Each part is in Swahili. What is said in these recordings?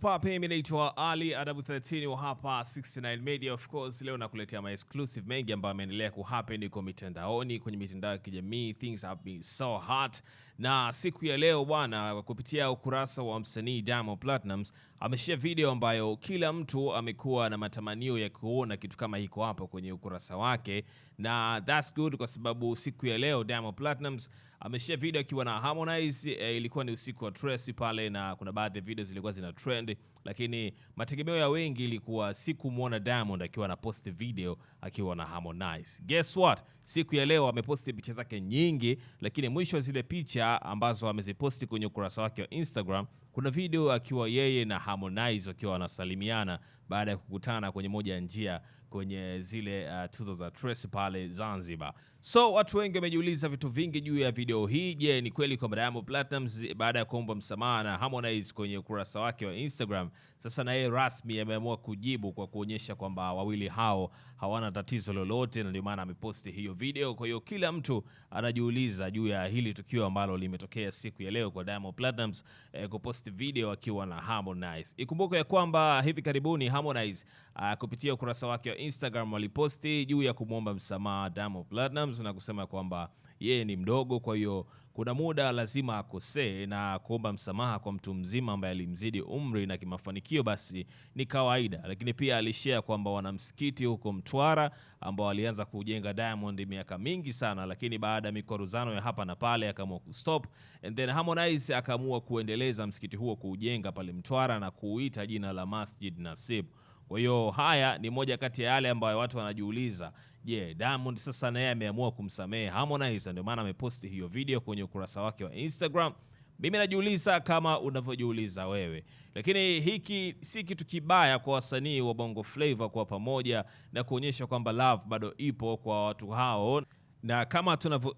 Prosper pia naitwa Ali Adabu 13 wa hapa 69 Media. Of course leo nakuletea my exclusive mengi ambayo ameendelea happen kwa mitandaoni, kwenye mitandao ya kijamii, things have been so hot. Na siku ya leo bwana, kupitia ukurasa wa msanii Diamond Platnumz ameshia video ambayo kila mtu amekuwa na matamanio ya kuona kitu kama hiko hapo kwenye ukurasa wake, na that's good kwa sababu siku ya leo Diamond Platnumz ameshia video akiwa na Harmonize. E, ilikuwa ni usiku wa Tracy pale, na kuna baadhi ya video zilikuwa zina trend, lakini mategemeo ya wengi ilikuwa siku muona Diamond akiwa na post video akiwa na Harmonize. Guess what, siku ya leo ameposti picha zake nyingi, lakini mwisho zile picha ambazo ameziposti kwenye ukurasa wake wa Instagram kuna video akiwa yeye na Harmonize wakiwa wanasalimiana baada ya kukutana kwenye moja ya njia kwenye zile uh, tuzo za Trace pale Zanzibar. So watu wengi wamejiuliza vitu vingi juu ya video hii. Je, ni kweli kwamba Diamond Platnumz baada ya kuomba msamaha na Harmonize kwenye ukurasa wake wa Instagram, sasa na yeye rasmi ameamua kujibu kwa kuonyesha kwamba wawili hao hawana tatizo lolote, na ndio maana ameposti hiyo video. Kwa hiyo kila mtu anajiuliza juu ya hili tukio ambalo limetokea siku ya leo kwa Diamond Platnumz eh, kuposti video akiwa na Harmonize. Ikumbuke ya kwamba hivi karibuni Harmonize uh, kupitia ukurasa wake wa Instagram waliposti juu ya kumwomba msamaha Diamond Platnumz na kusema kwamba yeye ni mdogo, kwa hiyo kuna muda lazima akosee na kuomba msamaha kwa mtu mzima ambaye alimzidi umri na kimafanikio basi ni kawaida. Lakini pia alishare kwamba wana msikiti huko Mtwara ambao alianza kujenga Diamond miaka mingi sana, lakini baada ya mikoruzano ya hapa na pale akaamua kustop and then Harmonize akaamua kuendeleza msikiti huo kuujenga pale Mtwara na kuuita jina la Masjid Nasib. Kwa hiyo haya ni moja kati ya yale ambayo watu wanajiuliza, je, yeah, Diamond sasa naye ameamua kumsamehe Harmonize, ndio maana ameposti hiyo video kwenye ukurasa wake wa Instagram. Mimi najiuliza kama unavyojiuliza wewe, lakini hiki si kitu kibaya kwa wasanii wa Bongo Flava kwa pamoja na kuonyesha kwamba love bado ipo kwa watu hao na kama tunavyo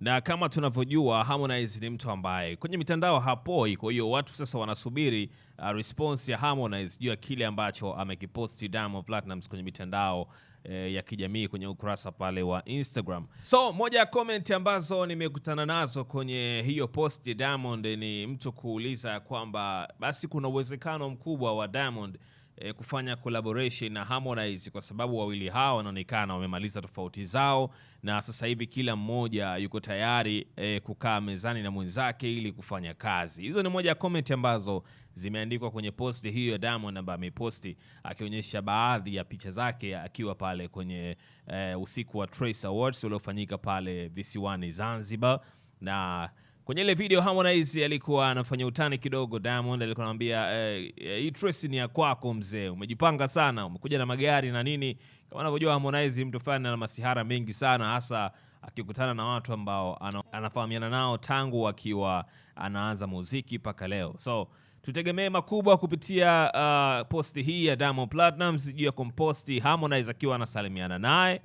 na kama tunavyojua Harmonize ni mtu ambaye kwenye mitandao hapoi. Kwa hiyo watu sasa wanasubiri uh, response ya Harmonize juu ya kile ambacho amekiposti Diamond Platnumz kwenye mitandao eh, ya kijamii kwenye ukurasa pale wa Instagram. So moja ya comment ambazo nimekutana nazo kwenye hiyo post ya Diamond ni mtu kuuliza kwamba basi kuna uwezekano mkubwa wa Diamond e, kufanya collaboration na Harmonize kwa sababu wawili hawa wanaonekana wamemaliza tofauti zao na sasa hivi kila mmoja yuko tayari e, kukaa mezani na mwenzake ili kufanya kazi. Hizo ni moja ya comment ambazo zimeandikwa kwenye posti hiyo ya Diamond ambayo ameposti akionyesha baadhi ya picha zake akiwa pale kwenye e, usiku wa Trace Awards uliofanyika pale visiwani Zanzibar na Kwenye ile video Harmonize alikuwa anafanya utani kidogo, Diamond alikuwa anamwambia eh, eh hii ni ya kwako mzee, umejipanga sana, umekuja na magari na nini. Kama unavyojua Harmonize mtu fulani ana masihara mengi sana, hasa akikutana na watu ambao anafahamiana nao tangu akiwa anaanza muziki mpaka leo, so tutegemee makubwa kupitia uh, posti hii ya Diamond Platnumz juu ya kumposti Harmonize akiwa anasalimiana naye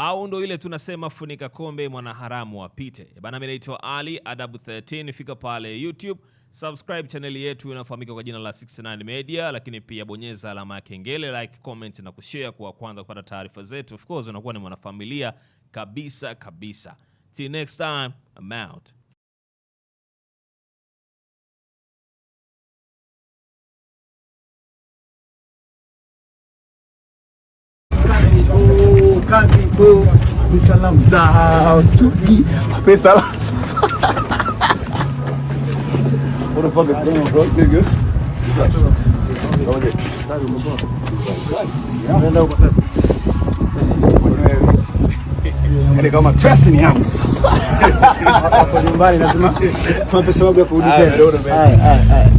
au ndo ile tunasema funika kombe mwanaharamu apite e bana. Mimi naitwa Ali Adabu 13, fika pale YouTube subscribe chaneli yetu inayofahamika kwa jina la 69 Media, lakini pia bonyeza alama ya kengele, like, comment na kushare kwa kwanza kupata taarifa zetu. Of course unakuwa ni mwanafamilia kabisa kabisa. Till next time, I'm out. tu ni salamu zao chuki pesa kama trust ni yangu on. nyumbani on, mape sababu ya kurudi tena. Ah,